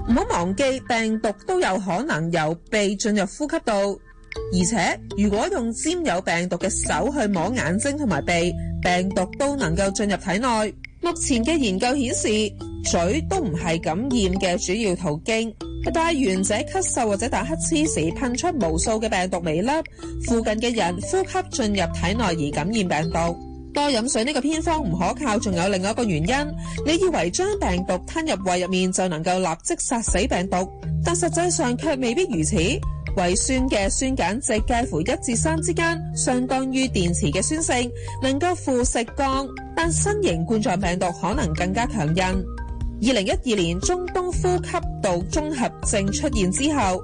唔好忘記，病毒都有可能由鼻進入呼吸道，而且如果用沾有病毒嘅手去摸眼睛同埋鼻，病毒都能夠進入體內。目前嘅研究顯示，嘴都唔係感染嘅主要途徑，但係患者咳嗽或者打乞嗤時噴出無數嘅病毒微粒，附近嘅人呼吸進入體內而感染病毒。多飲水呢個偏方唔可靠，仲有另外一個原因，你以為將病毒吞入胃入面就能夠立即殺死病毒，但實際上卻未必如此。胃酸嘅酸鹼值介乎一至三之間，相當於電池嘅酸性，能夠腐蝕鋼，但新型冠狀病毒可能更加強韌。二零一二年中東呼吸道綜合症出現之後，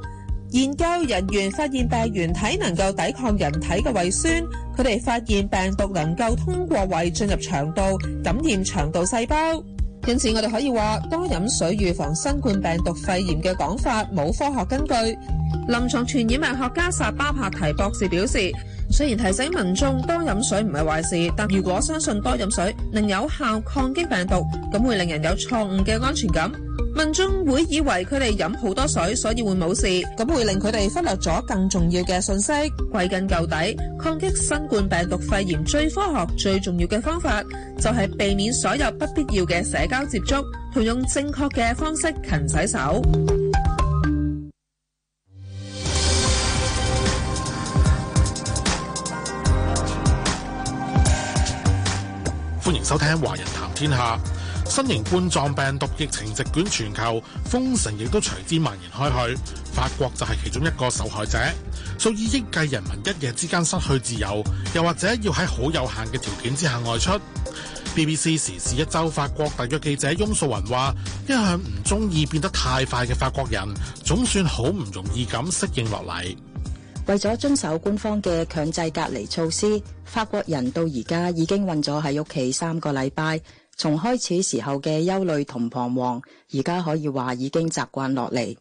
研究人員發現病原體能夠抵抗人體嘅胃酸。佢哋發現病毒能夠通過胃進入腸道，感染腸道細胞。因此，我哋可以話多飲水預防新冠病毒肺炎嘅講法冇科學根據。臨床傳染病學家薩巴帕提博士表示，雖然提醒民眾多飲水唔係壞事，但如果相信多飲水能有效抗擊病毒，咁會令人有錯誤嘅安全感。民眾會以為佢哋飲好多水，所以會冇事，咁會令佢哋忽略咗更重要嘅信息。歸根究底，抗擊新冠病毒肺炎最科學、最重要嘅方法就係避免所有不必要嘅社交接觸，同用正確嘅方式勤洗手。歡迎收聽《華人談天下》。新型冠狀病毒疫情席捲全球，封城亦都隨之蔓延開去。法國就係其中一個受害者，數以億計人民一夜之間失去自由，又或者要喺好有限嘅條件之下外出。BBC 時事一週法國特約記者翁素雲話：一向唔中意變得太快嘅法國人，總算好唔容易咁適應落嚟。為咗遵守官方嘅強制隔離措施，法國人到而家已經韞咗喺屋企三個禮拜。從開始時候嘅憂慮同彷徨，而家可以話已經習慣落嚟。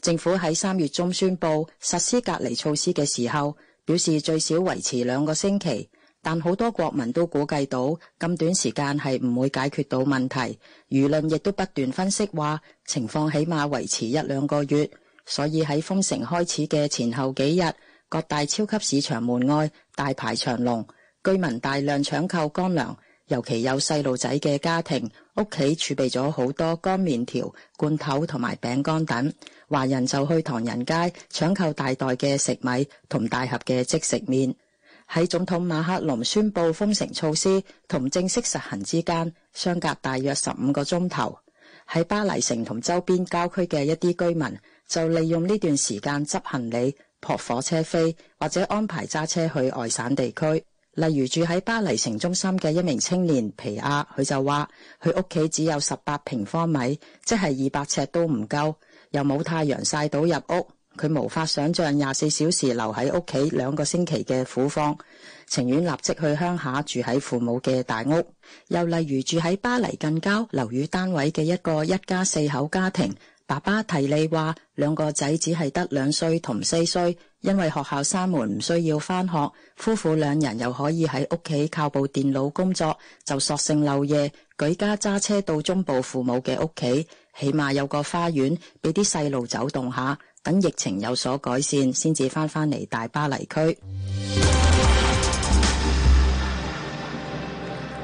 政府喺三月中宣布實施隔離措施嘅時候，表示最少維持兩個星期，但好多國民都估計到咁短時間係唔會解決到問題。輿論亦都不斷分析話，情況起碼維持一兩個月。所以喺封城開始嘅前後幾日，各大超級市場門外大排長龍，居民大量搶購乾糧，尤其有細路仔嘅家庭屋企儲備咗好多乾麵條、罐頭同埋餅乾等。華人就去唐人街搶購大袋嘅食米同大盒嘅即食麵。喺總統馬克龍宣布封城措施同正式實行之間相隔大約十五個鐘頭，喺巴黎城同周邊郊區嘅一啲居民，就利用呢段時間執行李、撲火車飛，或者安排揸車去外省地區，例如住喺巴黎城中心嘅一名青年皮亞，佢就話，佢屋企只有十八平方米，即係二百尺都唔夠，又冇太陽曬到入屋，佢無法想象廿四小時留喺屋企兩個星期嘅苦況，情願立即去鄉下住喺父母嘅大屋。又例如住喺巴黎近郊樓宇單位嘅一個一家四口家庭，爸爸提利話：兩個仔只係得兩歲同四歲，因為學校閂門唔需要返學，夫婦兩人又可以喺屋企靠部電腦工作，就索性漏夜，舉家揸車到中部父母嘅屋企，起碼有個花園俾啲細路走動下，等疫情有所改善先至返翻嚟大巴黎區。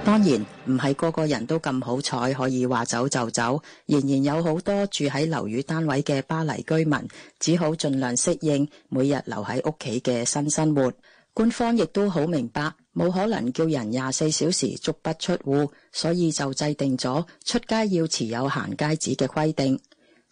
當然唔係個個人都咁好彩，可以話走就走。仍然有好多住喺樓宇單位嘅巴黎居民，只好盡量適應每日留喺屋企嘅新生活。官方亦都好明白，冇可能叫人廿四小時足不出戶，所以就制定咗出街要持有行街紙嘅規定。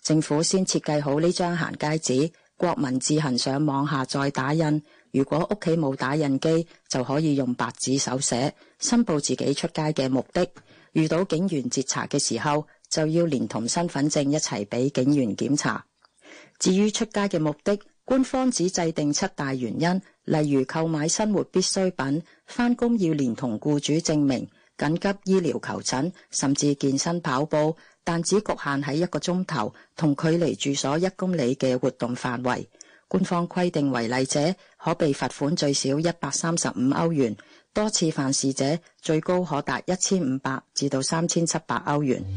政府先設計好呢張行街紙，國民自行上網下載打印。如果屋企冇打印機，就可以用白紙手寫申報自己出街嘅目的。遇到警員截查嘅時候，就要連同身份證一齊俾警員檢查。至於出街嘅目的，官方只制定七大原因，例如購買生活必需品、返工要連同僱主證明、緊急醫療求診，甚至健身跑步，但只局限喺一個鐘頭同距離住所一公里嘅活動範圍。官方規定違例者可被罰款最少一百三十五歐元，多次犯事者最高可達一千五百至到三千七百歐元。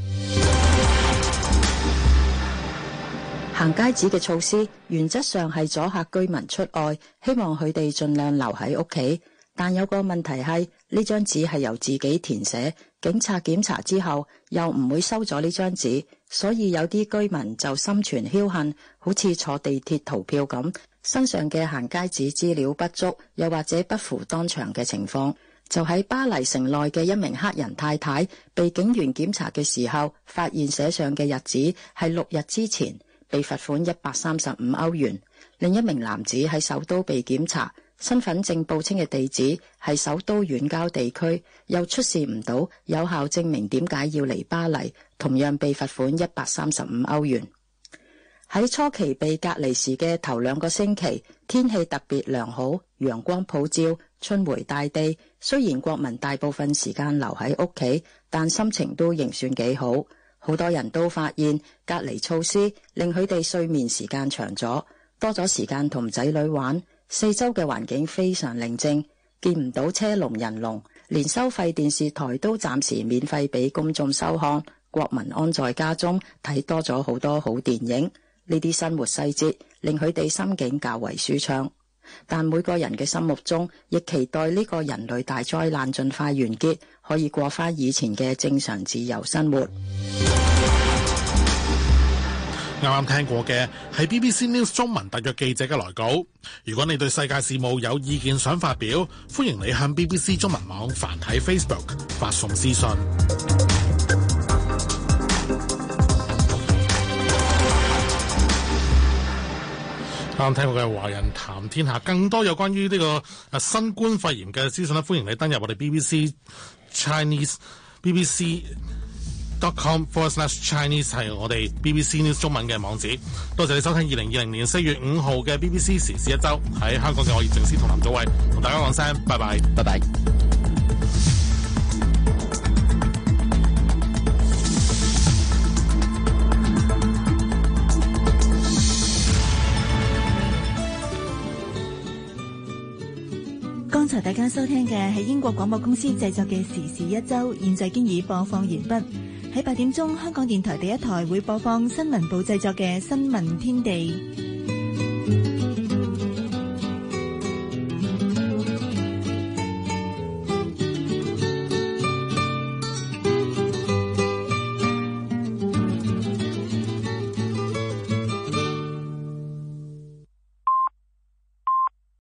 行街紙嘅措施，原則上係阻嚇居民出外，希望佢哋盡量留喺屋企。但有個問題係，呢張紙係由自己填寫。警察檢查之後又唔會收咗呢張紙，所以有啲居民就心存僥倖，好似坐地鐵逃票咁。身上嘅行街紙資料不足，又或者不符當場嘅情況，就喺巴黎城內嘅一名黑人太太被警員檢查嘅時候，發現寫上嘅日子係六日之前，被罰款一百三十五歐元。另一名男子喺首都被檢查。身份證報稱嘅地址係首都遠郊地區，又出示唔到有效證明，點解要嚟巴黎？同樣被罰款一百三十五歐元。喺初期被隔離時嘅頭兩個星期，天氣特別良好，陽光普照，春回大地。雖然國民大部分時間留喺屋企，但心情都仍算幾好。好多人都發現隔離措施令佢哋睡眠時間長咗，多咗時間同仔女玩。四周嘅環境非常寧靜，見唔到車龍人龍，連收費電視台都暫時免費俾公眾收看。國民安在家中睇多咗好多好電影，呢啲生活細節令佢哋心境較為舒暢。但每個人嘅心目中，亦期待呢個人類大災難盡快完結，可以過返以前嘅正常自由生活。啱啱聽過嘅係 BBC News 中文特約記者嘅來稿。如果你對世界事務有意見想發表，歡迎你向 BBC 中文網繁體 Facebook 發送私信。啱啱聽過嘅華人談天下，更多有關於呢、這個誒、啊、新冠肺炎嘅資訊咧，歡迎你登入我哋 Chinese, BBC Chinese，BBC。c o m f o r Chinese 係我哋 BBC News 中文嘅網址。多謝你收聽二零二零年四月五號嘅 BBC 時事一週。喺香港嘅我葉靖斯同林祖偉，同大家講聲拜拜，拜拜。剛才大家收聽嘅係英國廣播公司製作嘅時事一週，現在經已播放完畢。喺八點鐘，香港電台第一台會播放新聞部製作嘅《新聞天地》。